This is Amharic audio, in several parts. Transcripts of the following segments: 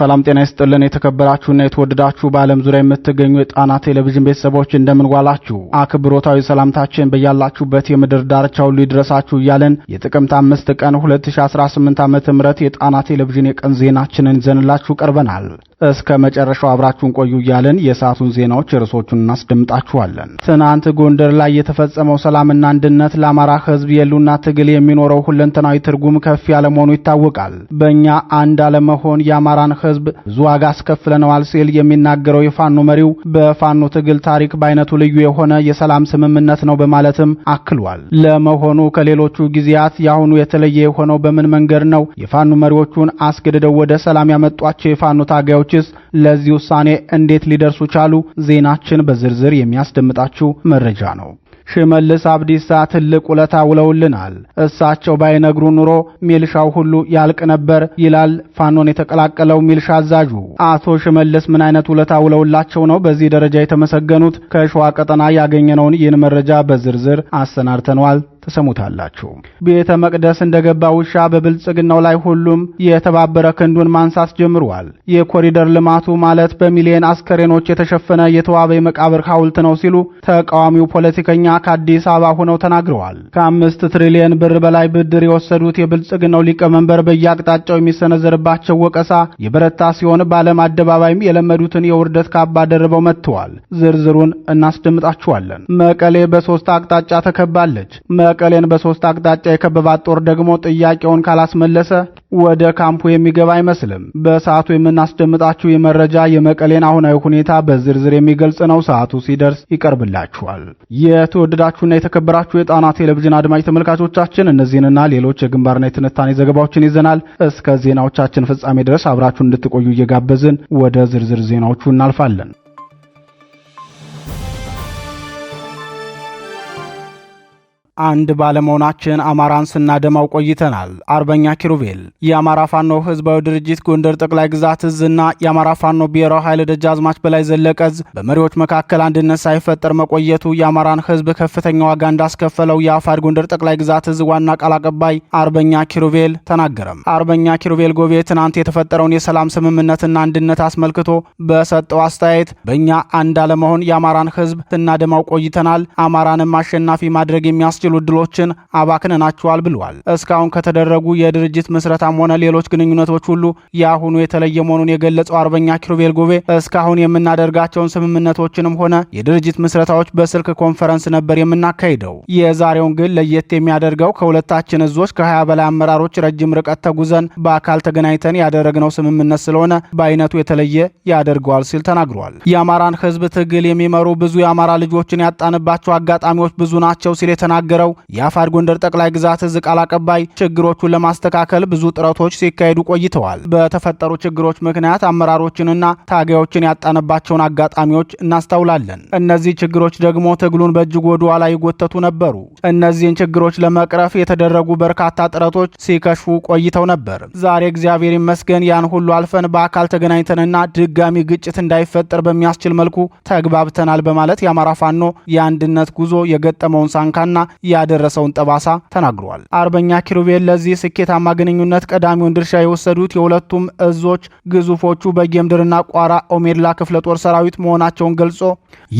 ሰላም ጤና ይስጥልን። የተከበራችሁና የተወደዳችሁ በዓለም ዙሪያ የምትገኙ የጣና ቴሌቪዥን ቤተሰቦች እንደምንዋላችሁ፣ አክብሮታዊ ሰላምታችን በያላችሁበት የምድር ዳርቻ ሁሉ ይድረሳችሁ እያለን የጥቅምት አምስት ቀን 2018 ም የጣና ቴሌቪዥን የቀን ዜናችንን ይዘንላችሁ ቀርበናል። እስከ መጨረሻው አብራችሁን ቆዩ እያለን የሰዓቱን ዜናዎች ርዕሶቹን እናስደምጣችኋለን። ትናንት ጎንደር ላይ የተፈጸመው ሰላምና አንድነት ለአማራ ሕዝብ የሉና ትግል የሚኖረው ሁለንተናዊ ትርጉም ከፍ ያለ መሆኑ ይታወቃል። በእኛ አንድ አለመሆን የአማራን ሕዝብ ብዙ ዋጋ አስከፍለነዋል ሲል የሚናገረው የፋኖ መሪው በፋኖ ትግል ታሪክ በአይነቱ ልዩ የሆነ የሰላም ስምምነት ነው በማለትም አክሏል። ለመሆኑ ከሌሎቹ ጊዜያት የአሁኑ የተለየ የሆነው በምን መንገድ ነው? የፋኖ መሪዎቹን አስገድደው ወደ ሰላም ያመጧቸው የፋኖ ታጋዮች አካሎችስ ለዚህ ውሳኔ እንዴት ሊደርሱ ቻሉ? ዜናችን በዝርዝር የሚያስደምጣችሁ መረጃ ነው። ሽመልስ አብዲሳ ትልቅ ውለታ ውለውልናል። እሳቸው ባይነግሩ ኑሮ ሚልሻው ሁሉ ያልቅ ነበር ይላል ፋኖን የተቀላቀለው ሚልሻ አዛዡ። አቶ ሽመልስ ምን አይነት ውለታ ውለውላቸው ነው በዚህ ደረጃ የተመሰገኑት? ከሸዋ ቀጠና ያገኘነውን ይህን መረጃ በዝርዝር አሰናድተነዋል። ትሰሙታላችሁ። ቤተ መቅደስ እንደገባ ውሻ በብልጽግናው ላይ ሁሉም የተባበረ ክንዱን ማንሳት ጀምሯል። የኮሪደር ልማቱ ማለት በሚሊዮን አስከሬኖች የተሸፈነ የተዋበ የመቃብር ሐውልት ነው ሲሉ ተቃዋሚው ፖለቲከኛ ከአዲስ አበባ ሆነው ተናግረዋል። ከአምስት ትሪሊየን ብር በላይ ብድር የወሰዱት የብልጽግናው ሊቀመንበር በየአቅጣጫው የሚሰነዘርባቸው ወቀሳ የበረታ ሲሆን በዓለም አደባባይም የለመዱትን የውርደት ካባ ደርበው መጥተዋል። ዝርዝሩን እናስደምጣችኋለን። መቀሌ በሶስት አቅጣጫ ተከባለች። መቀሌን በሶስት አቅጣጫ የከበባት ጦር ደግሞ ጥያቄውን ካላስመለሰ ወደ ካምፑ የሚገባ አይመስልም። በሰዓቱ የምናስደምጣችሁ የመረጃ የመቀሌን አሁናዊ ሁኔታ በዝርዝር የሚገልጽ ነው። ሰዓቱ ሲደርስ ይቀርብላችኋል። የተወደዳችሁና የተከበራችሁ የጣና ቴሌቪዥን አድማጭ ተመልካቾቻችን እነዚህንና ሌሎች የግንባርና የትንታኔ ዘገባዎችን ይዘናል። እስከ ዜናዎቻችን ፍጻሜ ድረስ አብራችሁን እንድትቆዩ እየጋበዝን ወደ ዝርዝር ዜናዎቹ እናልፋለን። አንድ ባለመሆናችን አማራን ስናደማው ቆይተናል። አርበኛ ኪሩቤል የአማራ ፋኖ ህዝባዊ ድርጅት ጎንደር ጠቅላይ ግዛት እዝና የአማራ ፋኖ ብሔራዊ ኃይል ደጃዝማች በላይ ዘለቀዝ በመሪዎች መካከል አንድነት ሳይፈጠር መቆየቱ የአማራን ህዝብ ከፍተኛ ዋጋ እንዳስከፈለው የአፋድ ጎንደር ጠቅላይ ግዛት እዝ ዋና ቃል አቀባይ አርበኛ ኪሩቤል ተናገረም። አርበኛ ኪሩቤል ጎቤ ትናንት የተፈጠረውን የሰላም ስምምነትና አንድነት አስመልክቶ በሰጠው አስተያየት በእኛ አንድ አለመሆን የአማራን ህዝብ ስናደማው ቆይተናል። አማራንም አሸናፊ ማድረግ የሚያስችሉ የሚችሉ እድሎችን አባክነናቸዋል ብለዋል። እስካሁን ከተደረጉ የድርጅት ምስረታም ሆነ ሌሎች ግንኙነቶች ሁሉ የአሁኑ የተለየ መሆኑን የገለጸው አርበኛ ኪሩቤል ጎቤ እስካሁን የምናደርጋቸውን ስምምነቶችንም ሆነ የድርጅት ምስረታዎች በስልክ ኮንፈረንስ ነበር የምናካሂደው። የዛሬውን ግን ለየት የሚያደርገው ከሁለታችን እዞች ከሀያ በላይ አመራሮች ረጅም ርቀት ተጉዘን በአካል ተገናኝተን ያደረግነው ስምምነት ስለሆነ በአይነቱ የተለየ ያደርገዋል ሲል ተናግሯል። የአማራን ህዝብ ትግል የሚመሩ ብዙ የአማራ ልጆችን ያጣንባቸው አጋጣሚዎች ብዙ ናቸው ሲል የተናገ የተናገረው የአፋር ጎንደር ጠቅላይ ግዛት እዝ ቃል አቀባይ ችግሮቹን ለማስተካከል ብዙ ጥረቶች ሲካሄዱ ቆይተዋል። በተፈጠሩ ችግሮች ምክንያት አመራሮችንና ታጋዮችን ያጣነባቸውን አጋጣሚዎች እናስተውላለን። እነዚህ ችግሮች ደግሞ ትግሉን በእጅግ ወደ ኋላ ይጎተቱ ነበሩ። እነዚህን ችግሮች ለመቅረፍ የተደረጉ በርካታ ጥረቶች ሲከሽፉ ቆይተው ነበር። ዛሬ እግዚአብሔር ይመስገን ያን ሁሉ አልፈን በአካል ተገናኝተንና ድጋሚ ግጭት እንዳይፈጠር በሚያስችል መልኩ ተግባብተናል በማለት የአማራ ፋኖ የአንድነት ጉዞ የገጠመውን ሳንካና ያደረሰውን ጠባሳ ተናግሯል። አርበኛ ኪሩቤል ለዚህ ስኬታማ ግንኙነት ቀዳሚውን ድርሻ የወሰዱት የሁለቱም እዞች ግዙፎቹ በጌምድርና ቋራ ኦሜድላ ክፍለ ጦር ሰራዊት መሆናቸውን ገልጾ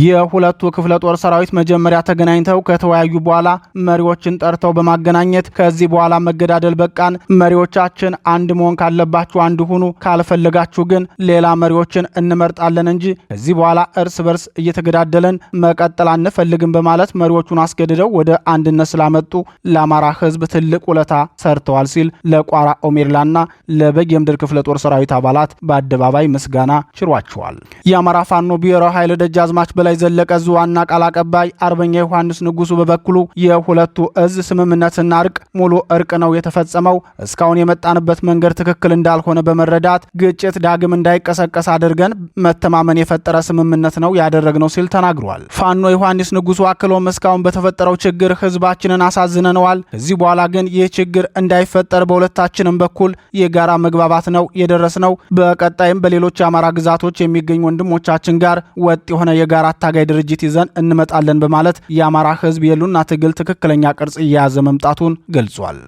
የሁለቱ ክፍለ ጦር ሰራዊት መጀመሪያ ተገናኝተው ከተወያዩ በኋላ መሪዎችን ጠርተው በማገናኘት ከዚህ በኋላ መገዳደል በቃን፣ መሪዎቻችን አንድ መሆን ካለባችሁ አንድ ሁኑ፣ ካልፈለጋችሁ ግን ሌላ መሪዎችን እንመርጣለን እንጂ ከዚህ በኋላ እርስ በርስ እየተገዳደለን መቀጠል አንፈልግም በማለት መሪዎቹን አስገድደው ወደ አንድነት ስላመጡ ለአማራ ህዝብ ትልቅ ውለታ ሰርተዋል ሲል ለቋራ ኦሜርላና ለበጌምድር ክፍለ ጦር ሰራዊት አባላት በአደባባይ ምስጋና ችሯቸዋል። የአማራ ፋኖ ብሔራዊ ኃይል ደጃዝማች በላይ ዘለቀ እዝ ዋና ቃል አቀባይ አርበኛ ዮሐንስ ንጉሱ በበኩሉ የሁለቱ እዝ ስምምነትና እርቅ ሙሉ እርቅ ነው የተፈጸመው። እስካሁን የመጣንበት መንገድ ትክክል እንዳልሆነ በመረዳት ግጭት ዳግም እንዳይቀሰቀስ አድርገን መተማመን የፈጠረ ስምምነት ነው ያደረግነው ሲል ተናግሯል። ፋኖ ዮሐንስ ንጉሱ አክሎም እስካሁን በተፈጠረው ችግር ህዝባችንን አሳዝነነዋል። ከዚህ በኋላ ግን ይህ ችግር እንዳይፈጠር በሁለታችንም በኩል የጋራ መግባባት ነው የደረስነው። በቀጣይም በሌሎች የአማራ ግዛቶች የሚገኙ ወንድሞቻችን ጋር ወጥ የሆነ የጋራ አታጋይ ድርጅት ይዘን እንመጣለን በማለት የአማራ ህዝብ የሉና ትግል ትክክለኛ ቅርጽ እየያዘ መምጣቱን ገልጿል።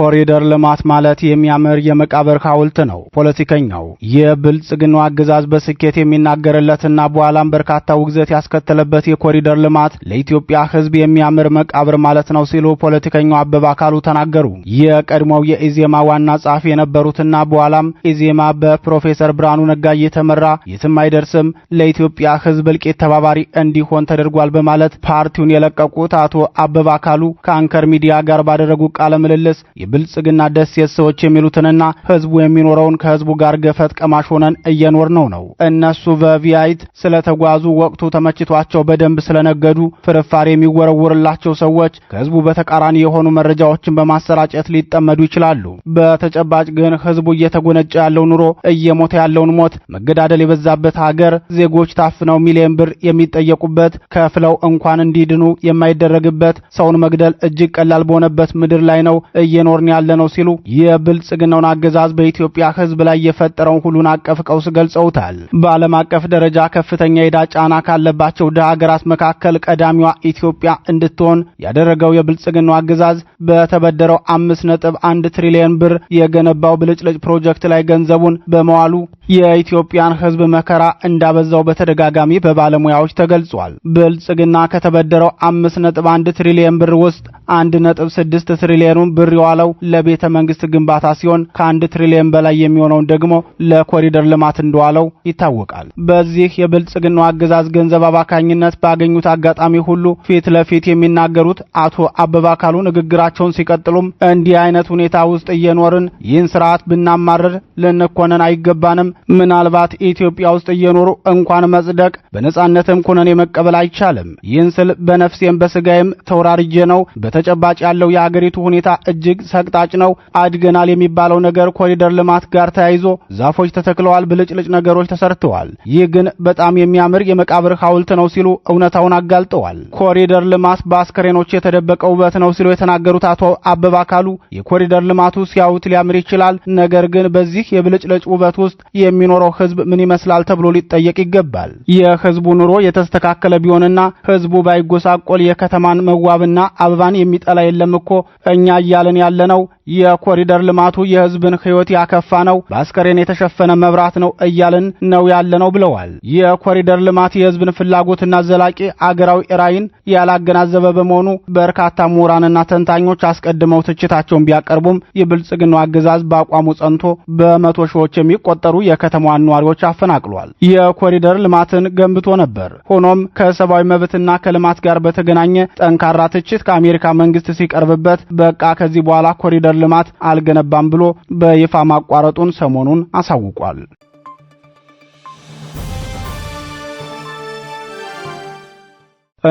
ኮሪደር ልማት ማለት የሚያምር የመቃብር ሐውልት ነው። ፖለቲከኛው የብልጽግናው አገዛዝ በስኬት የሚናገርለትና በኋላም በርካታ ውግዘት ያስከተለበት የኮሪደር ልማት ለኢትዮጵያ ሕዝብ የሚያምር መቃብር ማለት ነው ሲሉ ፖለቲከኛው አበበ አካሉ ተናገሩ። የቀድሞው የኢዜማ ዋና ጸሐፊ የነበሩትና በኋላም ኢዜማ በፕሮፌሰር ብርሃኑ ነጋ እየተመራ የትም አይደርስም ለኢትዮጵያ ሕዝብ እልቂት ተባባሪ እንዲሆን ተደርጓል በማለት ፓርቲውን የለቀቁት አቶ አበበ አካሉ ከአንከር ሚዲያ ጋር ባደረጉ ቃለ ምልልስ ብልጽግና ደሴት ሰዎች የሚሉትንና ህዝቡ የሚኖረውን ከህዝቡ ጋር ገፈት ቀማሽ ሆነን እየኖር ነው ነው። እነሱ በቪያይት ስለተጓዙ ወቅቱ ተመችቷቸው በደንብ ስለነገዱ ፍርፋሪ የሚወረውርላቸው ሰዎች ከህዝቡ በተቃራኒ የሆኑ መረጃዎችን በማሰራጨት ሊጠመዱ ይችላሉ። በተጨባጭ ግን ህዝቡ እየተጎነጨ ያለው ኑሮ፣ እየሞተ ያለውን ሞት፣ መገዳደል የበዛበት ሀገር፣ ዜጎች ታፍነው ሚሊዮን ብር የሚጠየቁበት ከፍለው እንኳን እንዲድኑ የማይደረግበት ሰውን መግደል እጅግ ቀላል በሆነበት ምድር ላይ ነው እየኖር እየኖርን ነው ሲሉ የብልጽግናውን አገዛዝ በኢትዮጵያ ህዝብ ላይ የፈጠረውን ሁሉን አቀፍ ቀውስ ገልጸውታል። በዓለም አቀፍ ደረጃ ከፍተኛ የዕዳ ጫና ካለባቸው ድሃ ሀገራት መካከል ቀዳሚዋ ኢትዮጵያ እንድትሆን ያደረገው የብልጽግናው አገዛዝ በተበደረው አምስት ነጥብ አንድ ትሪሊየን ብር የገነባው ብልጭልጭ ፕሮጀክት ላይ ገንዘቡን በመዋሉ የኢትዮጵያን ህዝብ መከራ እንዳበዛው በተደጋጋሚ በባለሙያዎች ተገልጿል። ብልጽግና ከተበደረው አምስት ነጥብ አንድ ትሪሊየን ብር ውስጥ አንድ ነጥብ ስድስት ትሪሊየኑን ብር የዋለ የተባለው ለቤተ መንግስት ግንባታ ሲሆን ከአንድ ትሪሊየን በላይ የሚሆነውን ደግሞ ለኮሪደር ልማት እንደዋለው ይታወቃል። በዚህ የብልጽግናው አገዛዝ ገንዘብ አባካኝነት ባገኙት አጋጣሚ ሁሉ ፊት ለፊት የሚናገሩት አቶ አበባ አካሉ ንግግራቸውን ሲቀጥሉም እንዲህ አይነት ሁኔታ ውስጥ እየኖርን ይህን ስርዓት ብናማርር ልንኮነን አይገባንም። ምናልባት ኢትዮጵያ ውስጥ እየኖሩ እንኳን መጽደቅ በነጻነትም ኩነኔ መቀበል አይቻልም። ይህን ስል በነፍሴም በስጋዬም ተወራርጄ ነው። በተጨባጭ ያለው የአገሪቱ ሁኔታ እጅግ ሰቅጣጭ ነው። አድገናል የሚባለው ነገር ኮሪደር ልማት ጋር ተያይዞ ዛፎች ተተክለዋል፣ ብልጭልጭ ነገሮች ተሰርተዋል። ይህ ግን በጣም የሚያምር የመቃብር ሐውልት ነው ሲሉ እውነታውን አጋልጠዋል። ኮሪደር ልማት በአስከሬኖች የተደበቀ ውበት ነው ሲሉ የተናገሩት አቶ አበባ አካሉ የኮሪደር ልማቱ ሲያዩት ሊያምር ይችላል፣ ነገር ግን በዚህ የብልጭልጭ ውበት ውስጥ የሚኖረው ህዝብ ምን ይመስላል ተብሎ ሊጠየቅ ይገባል። የህዝቡ ኑሮ የተስተካከለ ቢሆንና ህዝቡ ባይጎሳቆል የከተማን መዋብና አበባን የሚጠላ የለም እኮ እኛ እያለን ያለ ያለነው። የኮሪደር ልማቱ የህዝብን ህይወት ያከፋ ነው፣ በአስከሬን የተሸፈነ መብራት ነው እያልን ነው ያለነው ብለዋል። የኮሪደር ልማት የህዝብን ፍላጎትና ዘላቂ አገራዊ ራዕይን ያላገናዘበ በመሆኑ በርካታ ምሁራንና ተንታኞች አስቀድመው ትችታቸውን ቢያቀርቡም የብልጽግናው አገዛዝ በአቋሙ ጸንቶ በመቶ ሺዎች የሚቆጠሩ የከተማዋን ነዋሪዎች አፈናቅሏል። የኮሪደር ልማትን ገንብቶ ነበር። ሆኖም ከሰብአዊ መብትና ከልማት ጋር በተገናኘ ጠንካራ ትችት ከአሜሪካ መንግስት ሲቀርብበት በቃ ከዚህ በኋላ ኮሪደር ልማት አልገነባም ብሎ በይፋ ማቋረጡን ሰሞኑን አሳውቋል።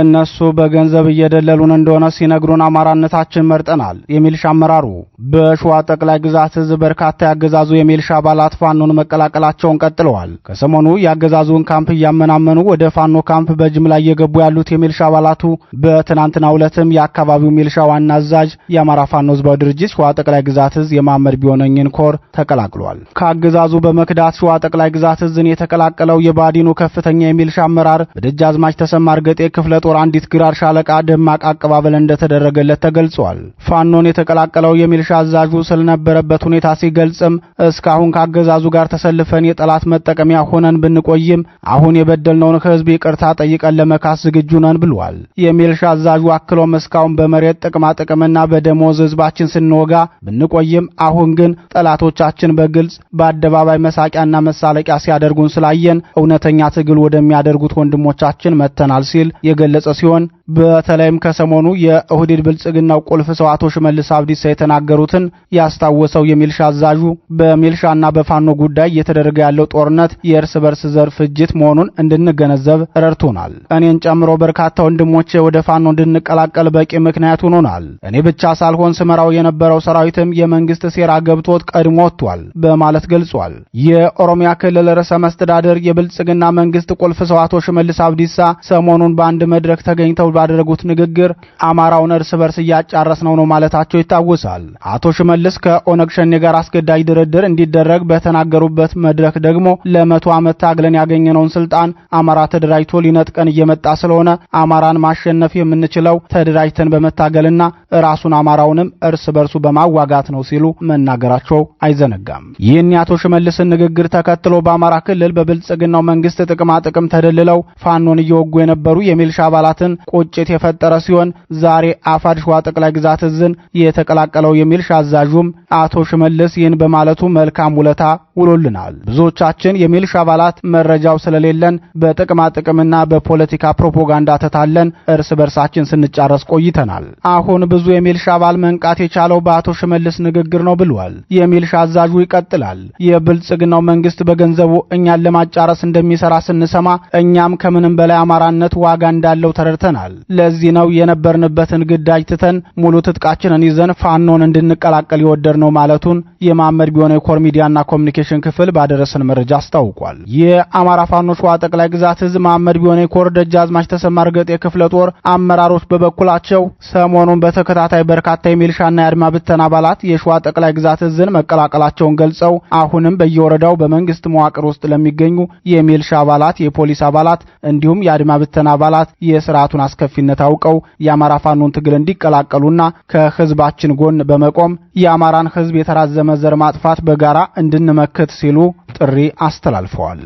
እነሱ በገንዘብ እየደለሉን እንደሆነ ሲነግሩን አማራነታችን መርጠናል የሚልሻ አመራሩ በሸዋ ጠቅላይ ግዛት ሕዝብ በርካታ ያገዛዙ የሚልሻ አባላት ፋኖን መቀላቀላቸውን ቀጥለዋል። ከሰሞኑ ያገዛዙን ካምፕ እያመናመኑ ወደ ፋኖ ካምፕ በጅምላ እየገቡ ያሉት የሚልሻ አባላቱ በትናንትናው ዕለትም የአካባቢው ሚልሻ ዋና አዛዥ የአማራ ፋኖ ህዝባዊ ድርጅት ሸዋ ጠቅላይ ግዛት ሕዝ የማመድ ቢሆነኝን ኮር ተቀላቅሏል። ከአገዛዙ በመክዳት ሸዋ ጠቅላይ ግዛት ሕዝን የተቀላቀለው የባዲኑ ከፍተኛ የሚልሻ አመራር በደጃዝማች ተሰማ እርገጤ ክፍለ ጦር አንዲት ግራር ሻለቃ ደማቅ አቀባበል እንደተደረገለት ተገልጿል። ፋኖን የተቀላቀለው የሚልሻ አዛዡ ስለነበረበት ሁኔታ ሲገልጽም እስካሁን ከአገዛዙ ጋር ተሰልፈን የጠላት መጠቀሚያ ሆነን ብንቆይም አሁን የበደልነውን ሕዝብ ይቅርታ ጠይቀን ለመካስ ዝግጁ ነን ብሏል። የሚልሻ አዛዡ አክሎም እስካሁን በመሬት ጥቅማ ጥቅምና በደሞዝ ሕዝባችን ስንወጋ ብንቆይም አሁን ግን ጠላቶቻችን በግልጽ በአደባባይ መሳቂያና መሳለቂያ ሲያደርጉን ስላየን እውነተኛ ትግል ወደሚያደርጉት ወንድሞቻችን መጥተናል ሲል የገ የተገለጸ ሲሆን በተለይም ከሰሞኑ የኦህዴድ ብልጽግናው ቁልፍ ሰው አቶ ሽመልስ አብዲሳ የተናገሩትን ያስታወሰው የሚልሻ አዛዡ በሚልሻና በፋኖ ጉዳይ እየተደረገ ያለው ጦርነት የእርስ በርስ ዘር ፍጅት መሆኑን እንድንገነዘብ ረድቶናል። እኔን ጨምሮ በርካታ ወንድሞቼ ወደ ፋኖ እንድንቀላቀል በቂ ምክንያት ሆኖናል። እኔ ብቻ ሳልሆን ስመራው የነበረው ሰራዊትም የመንግስት ሴራ ገብቶት ቀድሞ ወጥቷል በማለት ገልጿል። የኦሮሚያ ክልል ርዕሰ መስተዳደር የብልጽግና መንግስት ቁልፍ ሰው አቶ ሽመልስ አብዲሳ ሰሞኑን በአንድ መድረክ ተገኝተው ባደረጉት ንግግር አማራውን እርስ በርስ እያጫረስነው ነው ማለታቸው ይታወሳል። አቶ ሽመልስ ከኦነግ ሸኔ ጋር አስገዳጅ ድርድር እንዲደረግ በተናገሩበት መድረክ ደግሞ ለመቶ ዓመት ታግለን ያገኘነውን ስልጣን አማራ ተደራጅቶ ሊነጥቀን እየመጣ ስለሆነ አማራን ማሸነፍ የምንችለው ተደራጅተን በመታገልና ራሱን አማራውንም እርስ በርሱ በማዋጋት ነው ሲሉ መናገራቸው አይዘነጋም። ይህን የአቶ ሽመልስን ንግግር ተከትሎ በአማራ ክልል በብልጽግናው መንግስት ጥቅማ ጥቅም ተደልለው ፋኖን እየወጉ የነበሩ የሚልሻ አባላትን ቁጭት የፈጠረ ሲሆን ዛሬ አፋድ ሸዋ ጠቅላይ ግዛት እዝን የተቀላቀለው የሚልሻ አዛዡም አቶ ሽመልስ ይህን በማለቱ መልካም ውለታ ውሎልናል። ብዙዎቻችን የሚልሻ አባላት መረጃው ስለሌለን በጥቅማ ጥቅምና በፖለቲካ ፕሮፓጋንዳ ተታለን እርስ በርሳችን ስንጫረስ ቆይተናል። አሁን የእዙ የሚልሻ አባል መንቃት የቻለው በአቶ ሽመልስ ንግግር ነው ብሏል። የሚልሻ አዛዡ ይቀጥላል። የብልጽግናው መንግስት በገንዘቡ እኛን ለማጫረስ እንደሚሰራ ስንሰማ እኛም ከምንም በላይ አማራነት ዋጋ እንዳለው ተረድተናል። ለዚህ ነው የነበርንበትን ግዳጅ ትተን ሙሉ ትጥቃችንን ይዘን ፋኖን እንድንቀላቀል የወደድ ነው ማለቱን የማመድ ቢሆነ የኮር ሚዲያና ኮሚኒኬሽን ክፍል ባደረሰን መረጃ አስታውቋል። የአማራ ፋኖ ሸዋ ጠቅላይ ግዛት ህዝብ ማመድ ቢሆነ የኮር ደጃዝማች ተሰማ እርገጤ ክፍለ ጦር አመራሮች በበኩላቸው ሰሞኑን በተ በተከታታይ በርካታ የሚልሻና የአድማ ብተና አባላት የሸዋ ጠቅላይ ግዛት እዝን መቀላቀላቸውን ገልጸው አሁንም በየወረዳው በመንግስት መዋቅር ውስጥ ለሚገኙ የሚልሻ አባላት፣ የፖሊስ አባላት እንዲሁም የአድማ ብተና አባላት የስርዓቱን አስከፊነት አውቀው የአማራ ፋኖን ትግል እንዲቀላቀሉና ከህዝባችን ጎን በመቆም የአማራን ህዝብ የተራዘመ ዘር ማጥፋት በጋራ እንድንመክት ሲሉ ጥሪ አስተላልፈዋል።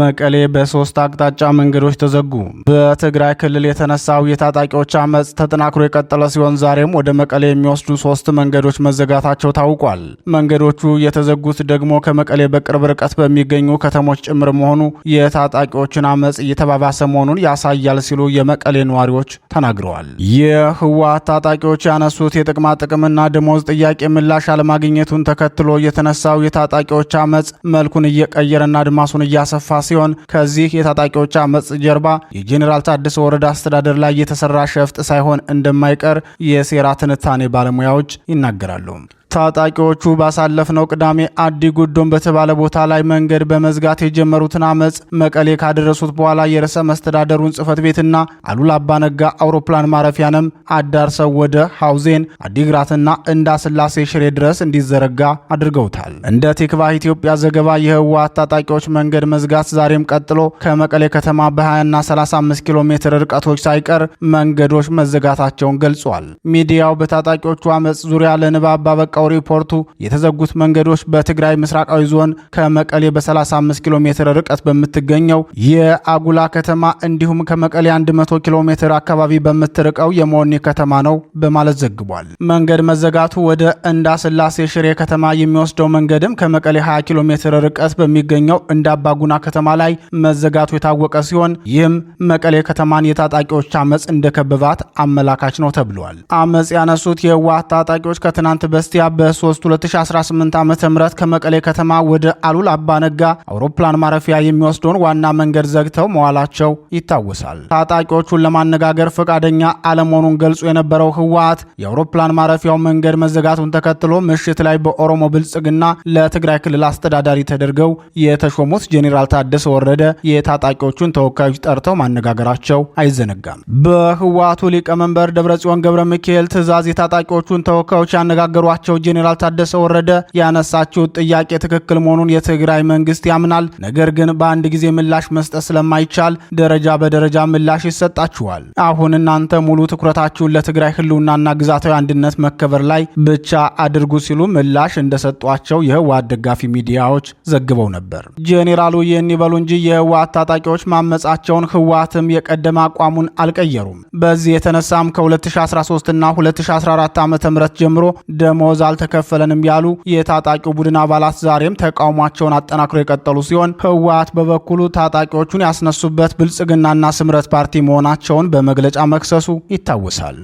መቀሌ በሶስት አቅጣጫ መንገዶች ተዘጉ። በትግራይ ክልል የተነሳው የታጣቂዎች አመፅ ተጠናክሮ የቀጠለ ሲሆን ዛሬም ወደ መቀሌ የሚወስዱ ሶስት መንገዶች መዘጋታቸው ታውቋል። መንገዶቹ የተዘጉት ደግሞ ከመቀሌ በቅርብ ርቀት በሚገኙ ከተሞች ጭምር መሆኑ የታጣቂዎችን አመፅ እየተባባሰ መሆኑን ያሳያል ሲሉ የመቀሌ ነዋሪዎች ተናግረዋል። የህወሓት ታጣቂዎች ያነሱት የጥቅማ ጥቅምና ደሞዝ ጥያቄ ምላሽ አለማግኘቱን ተከትሎ የተነሳው የታጣቂዎች አመፅ መልኩን እየቀየረና አድማሱን እያሰፋ የሰፋ ሲሆን ከዚህ የታጣቂዎች አመፅ ጀርባ የጄኔራል ታደሰ ወረዳ አስተዳደር ላይ የተሰራ ሸፍጥ ሳይሆን እንደማይቀር የሴራ ትንታኔ ባለሙያዎች ይናገራሉ። ታጣቂዎቹ ባሳለፍነው ቅዳሜ አዲ ጉዶን በተባለ ቦታ ላይ መንገድ በመዝጋት የጀመሩትን አመፅ መቀሌ ካደረሱት በኋላ የርዕሰ መስተዳደሩን ጽህፈት ቤትና አሉላ አባነጋ አውሮፕላን ማረፊያንም አዳርሰው ወደ ሐውዜን፣ አዲግራትና እንዳስላሴ ሽሬ ድረስ እንዲዘረጋ አድርገውታል። እንደ ቲክቫህ ኢትዮጵያ ዘገባ የህወሓት ታጣቂዎች መንገድ መዝጋት ዛሬም ቀጥሎ ከመቀሌ ከተማ በ20ና 35 ኪሎ ሜትር ርቀቶች ሳይቀር መንገዶች መዘጋታቸውን ገልጿል። ሚዲያው በታጣቂዎቹ አመፅ ዙሪያ ለንባብ ባበቃ ባወጣው ሪፖርቱ የተዘጉት መንገዶች በትግራይ ምስራቃዊ ዞን ከመቀሌ በ35 ኪሎ ሜትር ርቀት በምትገኘው የአጉላ ከተማ እንዲሁም ከመቀሌ 100 ኪሎ ሜትር አካባቢ በምትርቀው የመሆኒ ከተማ ነው በማለት ዘግቧል። መንገድ መዘጋቱ ወደ እንዳ ስላሴ ሽሬ ከተማ የሚወስደው መንገድም ከመቀሌ 20 ኪሎ ሜትር ርቀት በሚገኘው እንደ አባጉና ከተማ ላይ መዘጋቱ የታወቀ ሲሆን ይህም መቀሌ ከተማን የታጣቂዎች አመፅ እንደከበባት አመላካች ነው ተብሏል። አመፅ ያነሱት የህወሓት ታጣቂዎች ከትናንት በስቲያ በ3 2018 ዓ ም ከመቀሌ ከተማ ወደ አሉል አባነጋ አውሮፕላን ማረፊያ የሚወስደውን ዋና መንገድ ዘግተው መዋላቸው ይታወሳል። ታጣቂዎቹን ለማነጋገር ፈቃደኛ አለመሆኑን ገልጾ የነበረው ህወሓት የአውሮፕላን ማረፊያው መንገድ መዘጋቱን ተከትሎ ምሽት ላይ በኦሮሞ ብልጽግና ለትግራይ ክልል አስተዳዳሪ ተደርገው የተሾሙት ጄኔራል ታደሰ ወረደ የታጣቂዎቹን ተወካዮች ጠርተው ማነጋገራቸው አይዘነጋም። በህወሓቱ ሊቀመንበር ደብረጽዮን ገብረ ሚካኤል ትዕዛዝ የታጣቂዎቹን ተወካዮች ያነጋገሯቸው ጄኔራል ታደሰ ወረደ ያነሳችሁት ጥያቄ ትክክል መሆኑን የትግራይ መንግስት ያምናል። ነገር ግን በአንድ ጊዜ ምላሽ መስጠት ስለማይቻል ደረጃ በደረጃ ምላሽ ይሰጣችኋል። አሁን እናንተ ሙሉ ትኩረታችሁን ለትግራይ ህልውናና ግዛታዊ አንድነት መከበር ላይ ብቻ አድርጉ ሲሉ ምላሽ እንደሰጧቸው የህወሓት ደጋፊ ሚዲያዎች ዘግበው ነበር። ጄኔራሉ ይህን ይበሉ እንጂ የህወሓት ታጣቂዎች ማመጻቸውን ህወሓትም የቀደመ አቋሙን አልቀየሩም። በዚህ የተነሳም ከ2013 እና 2014 ዓ ም ጀምሮ ደሞዝ አልተከፈለንም ያሉ የታጣቂው ቡድን አባላት ዛሬም ተቃውሟቸውን አጠናክሮ የቀጠሉ ሲሆን ህወሓት በበኩሉ ታጣቂዎቹን ያስነሱበት ብልጽግናና ስምረት ፓርቲ መሆናቸውን በመግለጫ መክሰሱ ይታወሳል።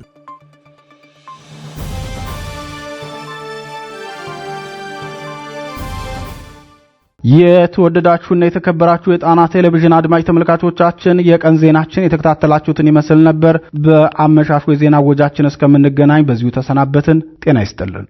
የተወደዳችሁና የተከበራችሁ የጣና ቴሌቪዥን አድማጭ ተመልካቾቻችን የቀን ዜናችን የተከታተላችሁትን ይመስል ነበር። በአመሻሹ የዜና ወጃችን እስከምንገናኝ በዚሁ ተሰናበትን። ጤና ይስጥልን።